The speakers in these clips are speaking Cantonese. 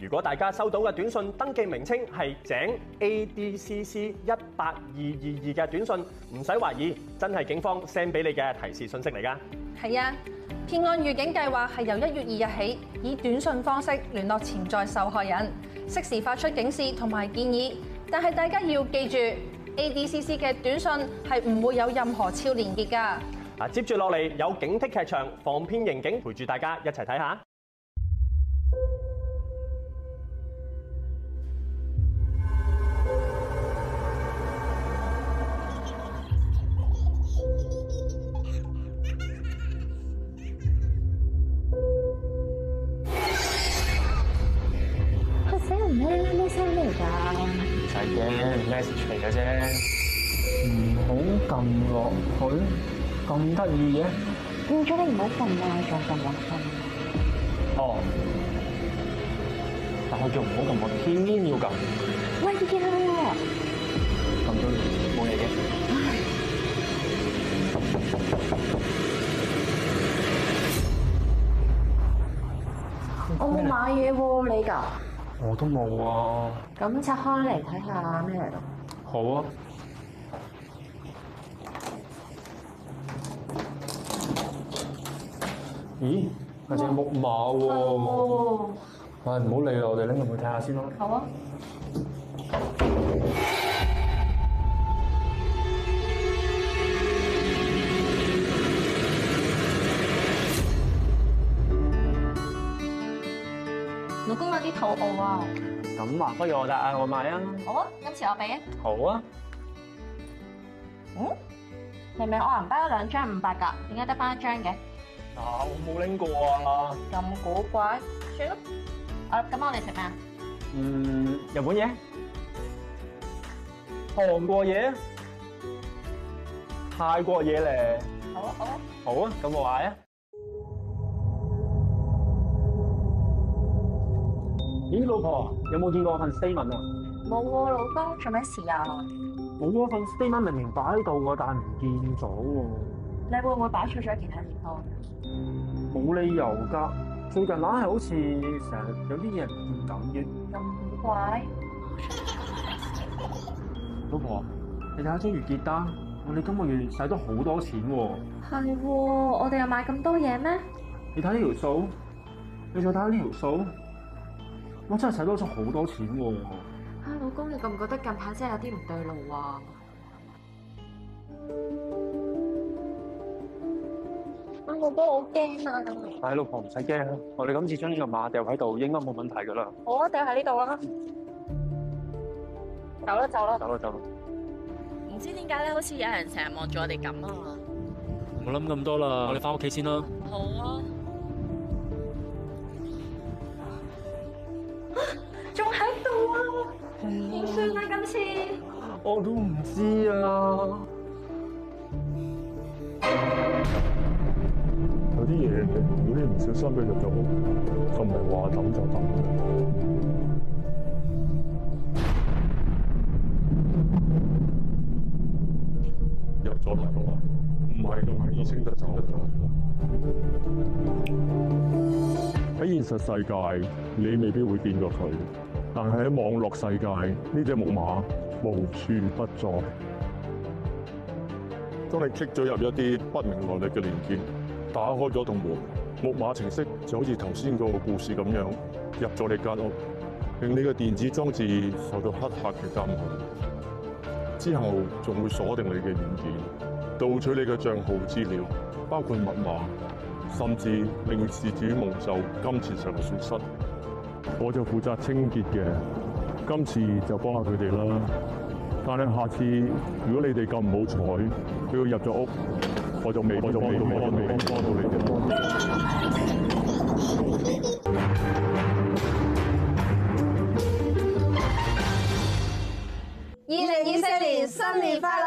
如果大家收到嘅短信登記名稱係井 ADCC 一八二二二嘅短信，唔使懷疑，真係警方 send 俾你嘅提示信息嚟㗎。係啊，騙案預警計劃係由一月二日起，以短信方式聯絡潛在受害人，適時發出警示同埋建議。但係大家要記住，ADCC 嘅短信係唔會有任何超連結㗎。啊，接住落嚟有警惕劇場防騙刑警陪住大家一齊睇下。係嘅，message 嚟嘅啫。唔好撳落去，咁得意嘅。叫咗你唔好撳，仲撳落去。哦。但係佢叫唔好咁撳，我偏偏要撳。我依啲見到咯。咁都冇嘢嘅。我冇買嘢喎，你㗎？我都冇啊。咁拆開嚟睇下咩嚟咯。好啊。咦？有隻木馬喎。係。唔好理啦，我哋拎入去睇下先咯。好啊。有啲肚餓啊！咁啊，不如我嗌外賣啊！好啊，今次我俾啊！好啊！嗯，明明我銀包咗兩張五百噶，點解得翻一張嘅？嗱、啊，我冇拎過啊！咁古怪，算、啊、啦！啊，咁我哋食咩啊？嗯，日本嘢，韓國嘢，泰國嘢嚟。好啊好啊！好啊，咁我買啊！咦，老婆有冇見過份 statement 啊？冇喎，老公做咩事啊？冇啊，份 statement 明明擺喺度，但係唔見咗。你會唔會擺錯咗其他地方？冇、嗯、理由噶，最近硬係好似成日有啲嘢唔敢咁古怪？老婆，你睇下張月結單，我哋今個月使咗好多錢喎。係喎，我哋又買咁多嘢咩？你睇呢條數，你再睇下呢條數。我真係使多咗好多錢喎、啊！嚇、哎，老公，你覺唔覺得近排真係有啲唔對路啊？啊，老公，我好驚啊！咁，哎，老婆唔使驚啦，我哋今次將呢個馬掉喺度應該冇問題噶啦。好啊，掉喺呢度啦，走啦，走啦，走啦，走啦！唔知點解咧，好似有人成日望住我哋咁啊嘛！唔好諗咁多啦，我哋返屋企先啦。好啊。好衰啦，今次我都唔知啊。有啲嘢，如果你唔小心俾入咗屋，就唔係話抌就抌。入咗嚟啊，唔係咁易先得走。喺現實世界，你未必會變過佢。但係喺網絡世界，呢隻木馬無處不在。當你 click 咗入一啲不明來歷嘅連結，打開咗棟門，木馬程式就好似頭先個故事咁樣入咗你間屋，令你嘅電子裝置受到黑客嘅監控，之後仲會鎖定你嘅軟件，盜取你嘅賬號資料，包括密碼，甚至令事主蒙受金錢上嘅損失。我就負責清潔嘅，今次就幫下佢哋啦。但係下次，如果你哋咁唔好彩，佢入咗屋，我就未，我就未，我就未幫到你哋。二零二四年新年快樂！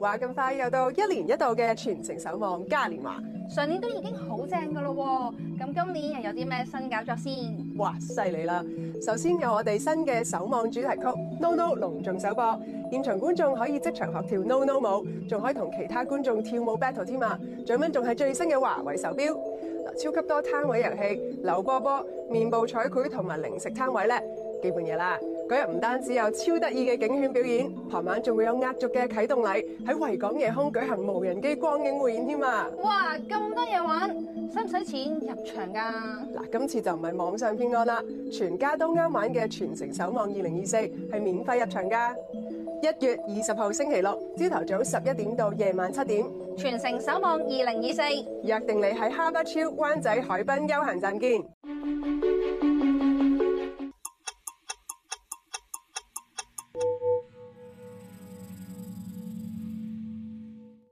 話咁快又到一年一度嘅全城守望嘉年華。上年都已經好正噶咯，咁今年又有啲咩新搞作先？哇，犀利啦！首先有我哋新嘅守望主題曲《No No》隆重首播，現場觀眾可以即場學跳《No No》舞，仲可以同其他觀眾跳舞 battle 添啊！最尾仲係最新嘅華為手錶，嗱，超級多攤位遊戲、流波波、面部彩繪同埋零食攤位咧，基本嘢啦。嗰日唔單止有超得意嘅警犬表演，傍晚仲會有壓軸嘅啟動禮，喺維港夜空舉行無人機光影匯演添啊！哇，咁多嘢玩，使唔使錢入場噶、啊？嗱，今次就唔係網上騙案啦，全家都啱玩嘅《全城守望二零二四》係免費入場噶。一月二十號星期六，朝頭早十一點到夜晚七點，《全城守望二零二四》，約定你喺哈巴超灣仔海濱休閒站見。